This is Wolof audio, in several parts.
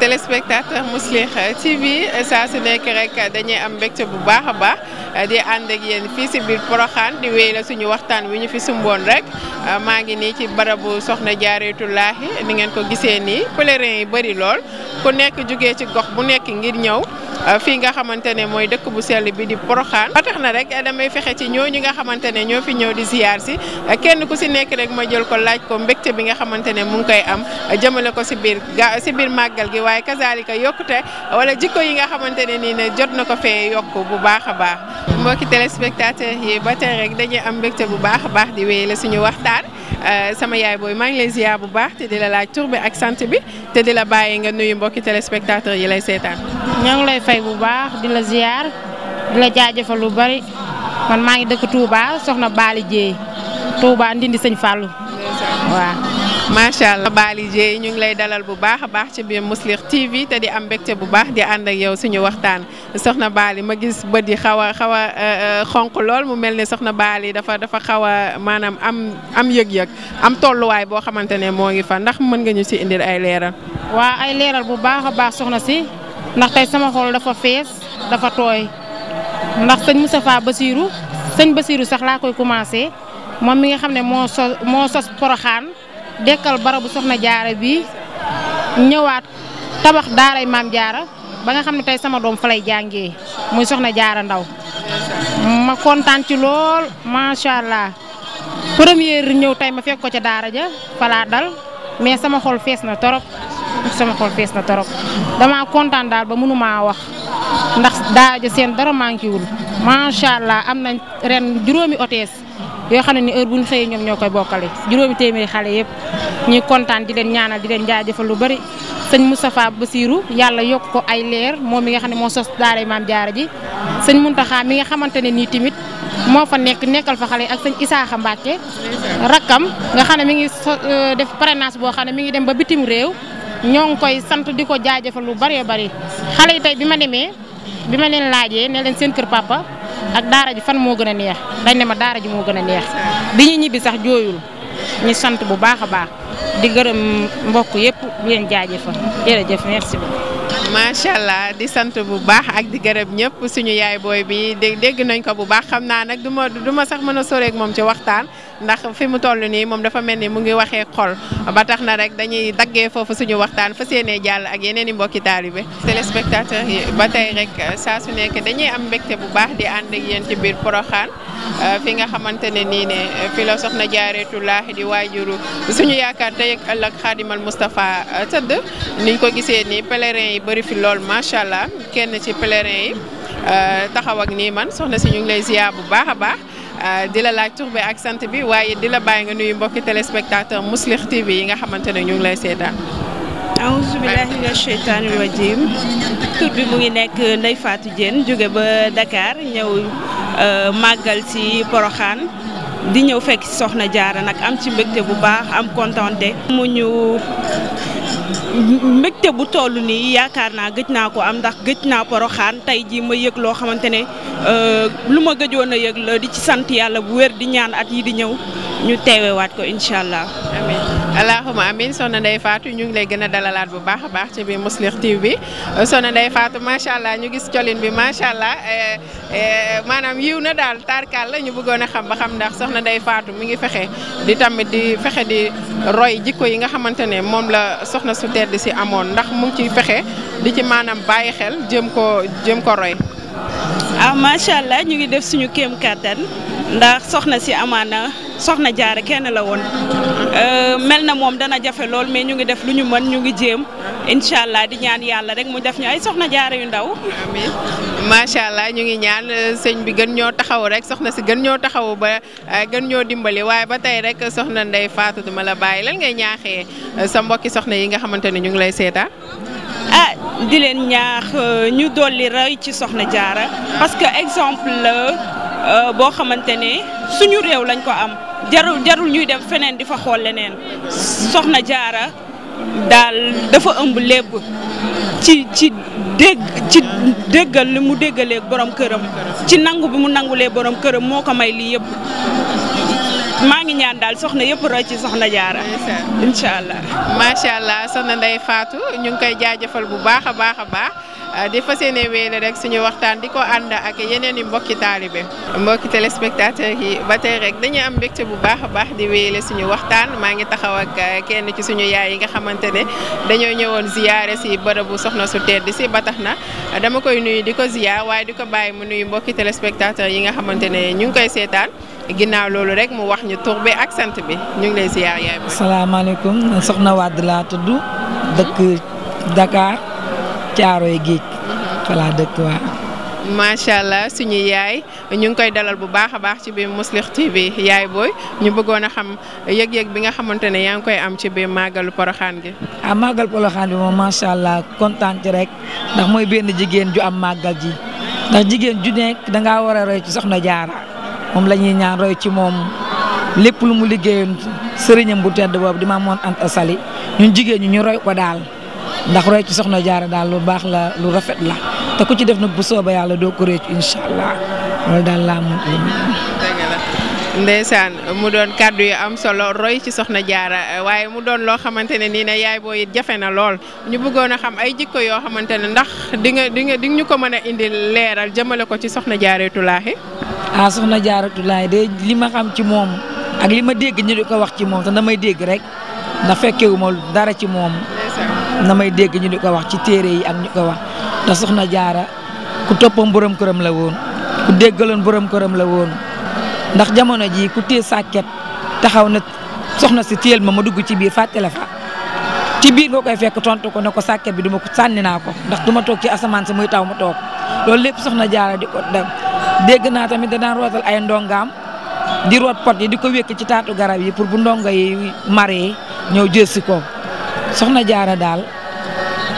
téléspectateur Mouslih TV saa su nekk rek dañuy am mbégte bu baax a baax di ànd ak yéen fii si biir Porokhane di wéy la suñu waxtaan wi ñu fi sumboon rek maa ngi nii ci barabu soxna Jaareetullaahi ni ngeen ko gisee nii pèlerin yi bëri lool ku nekk jóge ci gox bu nekk ngir ñëw Euh, fii nga xamante ne mooy dëkk bu sell bi di Poroxaan ba tax na rek euh, damay fexe ci ñooñu nga xamante ne ñoo fi ñëw di siyaar si euh, kenn ku si nekk rek ma jël ko laaj ko mbégte bi nga xamante ne mu ngi koy am jëmale ko si biir ga si biir màggal gi waaye kazaalika yokkute wala jikko yi nga xamante ne nii ne jot na ko fee yokk bu baax a baax mbokki téléspectateur yi ba tey rek dañuy am mbégte bu baax a baax di wéy la suñu waxtaan Euh, sama yaay booy maa ngi lay ziar bu baax te di la laaj tur bi ak sant bi te di la bàyyi nga nuyu mbokki téléspectateur yi lay seetaan. ñoo ngi lay fay bu baax di la ziar di la jaajëfal lu bari man maa ngi dëkk Touba soxna Bali Dieye Touba Ndindi Sëñ Fallou waaw. macha allah Bally yi ñu ngi lay dalal bu baax a baax ci biir Mouslih TV te di am mbégte bu baax di ànd ak yow suñu waxtaan soxna Bally ma gis bët yi xaw a xaw a euh, euh, xonq lool mu mel ne soxna Bally dafa dafa xaw a maanaam am am yëg-yëg am tolluwaay boo xamante ne moo ngi fa ndax mën nga ñu si indil ay leeral. waa ay leeral bu baax a baax soxna si ndax tey sama xol dafa fees dafa tooy ndax sëñ Moustapha basiiru sëñ Bassirou sax laa koy commencé moom mi nga xam ne moo sos moo sos Porokhane dekkal barabu soxna jaara bi ñëwaat tabax daaray maam jaara ba nga xam ne tey sama doom fa lay jàngee muy soxna jaara ndaw ma kontaan ci lool macha allah première ñëw tey ma fekk ko ca daara ja falaa dal mais sama xol fees na torop sama xol fees na torop damaa kontaan daal ba mënumaa wax ndax daara ja seen dara manqué wul macha allah am na ren juróomi otees yoo xam ne ni heure bu ñu xëyee ñoom ñoo koy bokkale juróomi téeméeri xale yëpp ñuy kontaan di leen ñaanal di leen jaajëfal lu bari sëñ Moustapha Bassirou yàlla yokk ko ay leer moom mi nga xam ne moo sos daara maam jaara ji sëñ Mountakha mi nga xamante ne nii tamit moo fa nekk nekkal fa xale yi ak sëñ Isaaxa Mbacke rakkam nga xam ne mi ngi euh, def parrainage boo xam ne mi ngi dem ba bitim réew ñoo ngi koy sant di ko jaajëfal lu bëree bari xale yi tey bi demee bi ma leen laajee ne leen seen kër ak daara ji fan moo gën a neex dañ ne ma daara ji moo gën a neex bi ñu ñibbi sax jooyul ñu sant bu baax a baax di gërëm mbokk yëpp di leen jaajëfal jërëjëf merci beaucoup. macha allah di sant bu baax ak di gërëm ñëpp suñu yaay booy bi dégg nañ ko bu baax xam naa nag du ma du ma sax mën a soreek moom ci waxtaan ndax fi mu toll nii moom dafa mel ni mu ngi waxee xol ba tax na rek dañuy daggee foofu suñu waxtaan fa seenee jàll ak yeneen i mbokki taalibe téléspectateur yi ba tey rek euh, saa su nekk dañuy am mbégte bu baax di ànd ak yéen ci biir Poroxaan euh, fi nga xamante ne nii ne fi la soxna jaareetulaahi di waajuru suñu yaakaar tey ak ëllëg xaadimal Moustapha euh, tëdd niñ ko gisee nii pèlerin yi bëri fi lool macha allah kenn ci pèlerin yi taxaw ak nii man soxna si ñu ngi lay ziar bu baax a baax Euh, di la laaj tur bi ak sant bi waaye di la bàyyi nga nuyu mbokki téléspectateur Mouslih TV yi nga xamante ne ñu ngi lay seetaan. aouzu billahi mina sheytaani rajim mu ngi nekk Ndeye Fatou Diène jóge ba Dakar ñëw euh, màggal ci Porokhane. di ñëw fekk ci soxna jaara nag am ci mbégte bu baax am kontante mu ñu mbégte bu toll nii yaakaar naa gëj naa ko am ndax gëj naa poroxaan tey jii ma yëg loo xamante ne euh, lu ma gëjoon a yëg la di ci sant yàlla bu wér di ñaan at yi di ñëw ñu waat ko incha allah. amiin allahuma amiin soxna Ndeye faatu ñu ngi lay gën a dalalaat bu baax a baax ci biir Mouslih TV bi soxna Ndeye Fatou macha allah ñu gis colin bi macha allah euh, euh, maanaam yiw na daal tarkaal la ñu bëggoon a xam soxna Ndeye mi ngi fexe di tamit di fexe di roy jikko yi nga xamante ne moom la soxna su tedd si amoon ndax mu ci ciy fexe di ci maanaam bàyyi xel jëm ko jëm ko roy ah macha allah ñu ngi def suñu kéem kàttan ndax soxna si amaana soxna jaare kenn la woon euh, mel na moom dana jafe lool mais ñu ngi def lu ñu mën ñu ngi jéem incha allah di ñaan yàlla rek mu def ñu ay soxna jaare yu ndaw. amiin macha allah ñu ngi ñaan euh, sëñ bi gën ñoo taxaw rek soxna si gën ñoo taxaw ba euh, gën ñoo dimbali waaye ba tey rek soxna Ndeye Fatou duma la bàyyi lan ngay ñaaxee sa mbokki soxna yi nga xamante ne ñu ngi lay seetaan. di leen ñaax euh, ñu dolli roy ci Soxna Jaara parce que exemple la euh, boo xamante ne suñu réew lañ ko am jarul jarul ñuy dem feneen di fa xool leneen Soxna Jaara daal dafa ëmb lépp ci ci ci déggal li mu déggalee borom këram ci nangu bi mu nangulee borom këram moo ko may lii yëpp. maa ngi ñaan daal soxna yëpp roy ci soxna jaara incha allah macha allah soxna Ndeye faatu ñu ngi koy jaajëfal bu baax a baax a baax euh, di fas yéene wéyale rek suñu waxtaan di ko ànd ak yeneen i mbokki taalibe mbokki téléspectateur yi ba tey rek dañuy am mbégte bu baax a baax di wéyale suñu waxtaan maa ngi taxaw ak euh, kenn ci suñu yaay yi nga xamante ne dañoo ñëwoon ziyaare si bërëbu soxna su tedd si ba tax na dama koy nuyu di ko ziyaar waaye di ko bàyyi mu nuyu mbokki téléspectateur yi nga xamante ne ñu ngi koy seetaan ginaaw loolu rek mu wax ñu tur bi ak sant bi ñu ngi lay ziar yaay booy. salaamaaleykum soxna Wade laa tudd. dëkk Dakar Caaroy Géej. voilà mhm. dëkk waa. macha allah suñu yaay ñu ngi koy dalal bu baax a baax ci biir Mouslih TV yaay booy ñu bëggoon a xam yëg-yëg bi nga xamante ne yaa ngi koy am ci biir màggalu poroxaan gi. ah màggal bi moom macha allah kontaan ci rek ndax mooy benn jigéen ju am màggal ji ndax jigéen ju nekk danga war a roy ci soxna jaara moom la ñuy ñaan roy ci moom lépp lu mu liggéeyoon sëriñam bu tedd boobu di Maam Mor Anta Sali ñun jigéen ñi ñu roy ba daal ndax roy ci soxna jaara daal lu baax la lu rafet la te ku ci def nag bu sooba yàlla doo ko réccu incha allah loolu daal laa mun ndeysaan mu doon kàddu yu am solo roy ci soxna jaara waaye mu doon loo xamante ne nii ne yaay boo it jafe na lool ñu bëggoon a xam ay jikko yoo xamante ne ndax di nga di di ñu ko mën a indi leeral jëmale ko ci soxna jaaratulaahi ah soxna jaaratulaahi de li ma xam ci moom ak li ma dégg ñu di ko wax ci moom te may dégg rek ndax fekkewuma dara ci moom damay dégg ñu di ko wax ci téere yi ak ñu ko wax te soxna jaara ku toppam borom këram la woon ku déggaloon borom këram la woon ndax jamono jii ku téye sàkket taxaw na soxna si téyel ma ma dugg ci biir fàtte la ci biir nga koy fekk tontu ko na ko sàkket bi duma ko sànni naa ko ndax duma toog ci asamaan si muy taw mu toog loolu lépp soxna jaara di ko dem dégg naa tamit da daan rootal ay ndongaam di root pot yi di ko wékk ci taatu garab yi pour bu ndongo yi maree ñëw jël si ko soxna jaara daal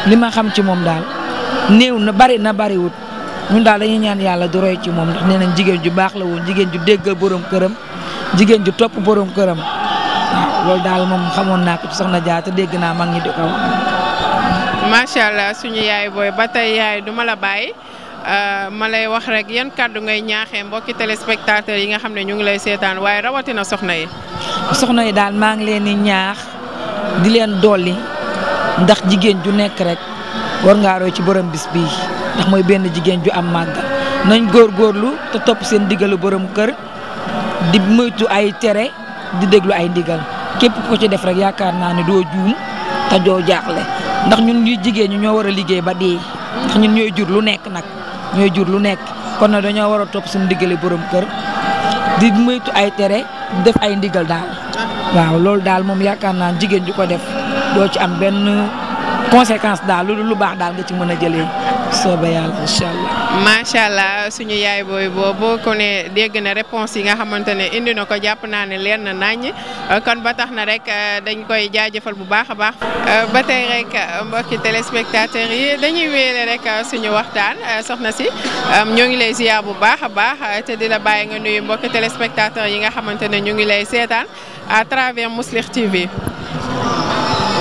li ma xam ci moom daal néew na bari na bariwut ñun daal dañuy ñaan yàlla du roy ci moom ndax nee nañ jigéen ju baax la woon jigéen ju déggal borom këram jigéen ju topp borom këram waaw daal moom xamoon naa ko ci soxna Dia te dégg naa mag ñi di ko wax. macha allah suñu yaay booy ba tey yaay duma la bàyyi. Euh, ma lay wax rek yan kàddu ngay ñaaxee mbokki téléspectateur yi nga xam ne ñu ngi lay seetaan waaye rawatina soxna yi. soxna yi daal maa ngi leen di ñaax di leen dolli ndax jigéen ju nekk rek war ngaa roy ci borom bis bii ndax mooy benn jigéen ju am màggal nañ góor góorlu te topp seen digalu borom kër di moytu ay tere di déglu ay ndigal képp ko ci def rek yaakaar naa ne doo juum te doo jaaxle ndax ñu ñuy jigéen ñu ñoo war a liggéey ba dee ndax ñun ñooy jur lu nekk nag ñooy jur lu nekk kon nag dañoo war a topp suñu digalu borom kër di moytu ay tere di def ay ndigal daal ah. waaw loolu daal moom yaakaar naa jigéen ju ko def doo ci am benn. conséquence daal lu lu baax daal nga ci mën a jëlee soobee yàlla incha allah. macha allah suñu yaay booy boobu ku ne dégg na réponse yi nga xamante ne indi na ko jàpp naa ne leen na naññ kon ba tax na rek euh, dañ koy jaajëfal bu baax a baax. Euh, ba tey rek euh, mbokki téléspectateurs yi dañuy wéyale rek suñu waxtaan soxna si ñoo ngi lay ziar bu baax a baax te di la bàyyi nga nuyu mbokki téléspectateurs yi nga xamante ne ñu ngi lay seetaan à travers Mouslih TV.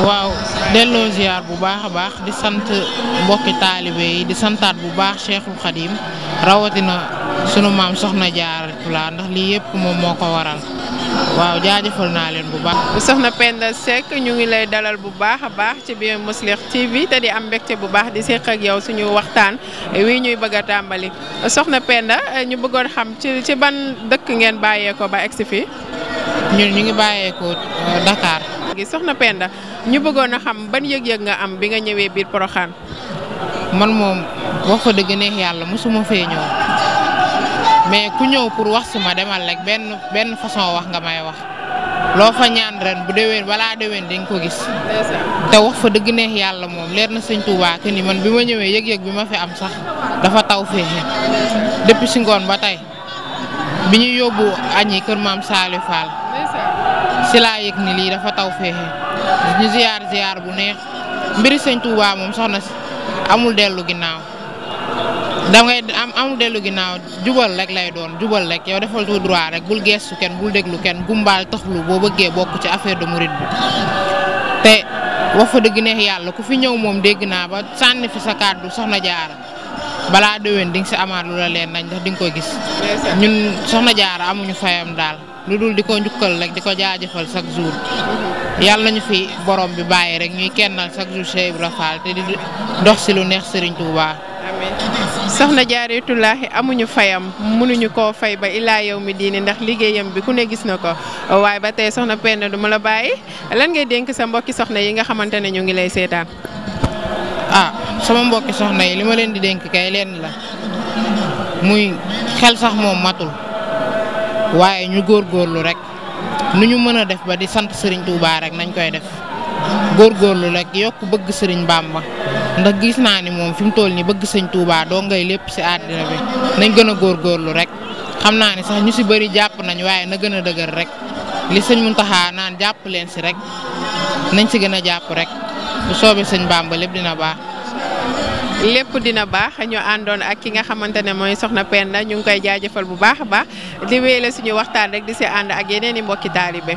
waaw delloo bu baax a baax di sant mbokki taalibe yi di santaat bu baax Cheikhul Khadim rawatina sunu maam soxna jaar Jaaratullaa ndax lii yëpp moom moo ko waral waaw jaajëfal naa leen bu baax. soxna Penda Seck ñu ngi lay dalal bu baax a baax ci biir Mouslih TV te di am mbégte bu baax di seq ak yow suñu waxtaan wi ñuy bëgg a tàmbali soxna Penda ñu bëggoon xam ci ci ban dëkk ngeen bàyyeekoo ba egsi fii. ñun ñu ngi bàyyeekoo euh, Dakar. gi soxna Penda ñu bëggoon a xam ban yëg-yëg nga am bi nga ñëwee biir Poroxaan. man moom wax fa dëgg neex yàlla mosuma fee ñëw mais ku ñëw pour wax si ma demal rek benn benn façon wax nga may wax loo fa ñaan ren bu déwén balaa déwén di nga ko gis. te wax fa dëgg neex yàlla moom leer na sëñ Touba ni man bi ma ñëwee yëg-yëg bi ma fi am sax dafa taw fee depuis si ngoon ba tey. bi ñuy yóbbu añi kër maam Saliou Fall si laa yëg ni lii dafa taw feexe ñu ziyaar ziyaar bu neex mbiri sëñ Touba moom soxna si amul dellu ginnaaw dangay am amul dellu ginnaaw jubal rek lay doon jubal rek yow defal tout droit rek bul geestu kenn bul déglu kenn gumbaal taxlu boo bëggee bokk ci affaire de mouride bi te wax fa dëgg neex yàlla ku fi ñëw moom dégg naa ba sànni fi sa kàddu soxna jaar balaa déwén di nga si amaat lu la leen nañ ndax di nga ko gis. ñun soxna jaara amuñu fayam daal lu dul di ko jukkal rek di ko jaajëfal chaque jour. yàlla nañu fi borom bi bàyyi rek ñuy kenn kennal chaque jour Cheikh Ibra Fall te di dox si lu neex Serigne Touba. amiin soxna Jaaratullaahi amuñu fayam mënuñu koo fay ba ilaa yow mi diini ndax liggéeyam bi ku ne gis na ko waaye ba tey soxna Penda du ma la bàyyi lan ngay dénk sa mbokki soxna yi nga xamante ne ñu ngi lay seetaan. sama mbokki soxna yi li ma leen di dénk kay leen la muy xel sax moom matul waaye ñu góor góorlu rek nu ñu mën a def ba di sant Serigne Touba rek nañ koy def góor góorlu rek yokk bëgg Serigne Bamba ndax gis naa ni moom fi mu toll nii bëgg sëñ Touba doo ngay lépp si àddina bi nañ gën a góorlu rek xam naa ni sax ñu si bari jàpp nañu waaye na gën a dëgër rek li sëñ Mountakha naan jàpp leen si rek nañ si gën a jàpp rek bu soobee sëñ Bamba lépp dina baax. lépp dina baax ñu àndoon ak ki nga xamante ne mooy soxna Penda ñu ngi koy jaajëfal bu baax a baax di wéyale suñu waxtaan rek di si ànd ak yeneen i mbokki taalibe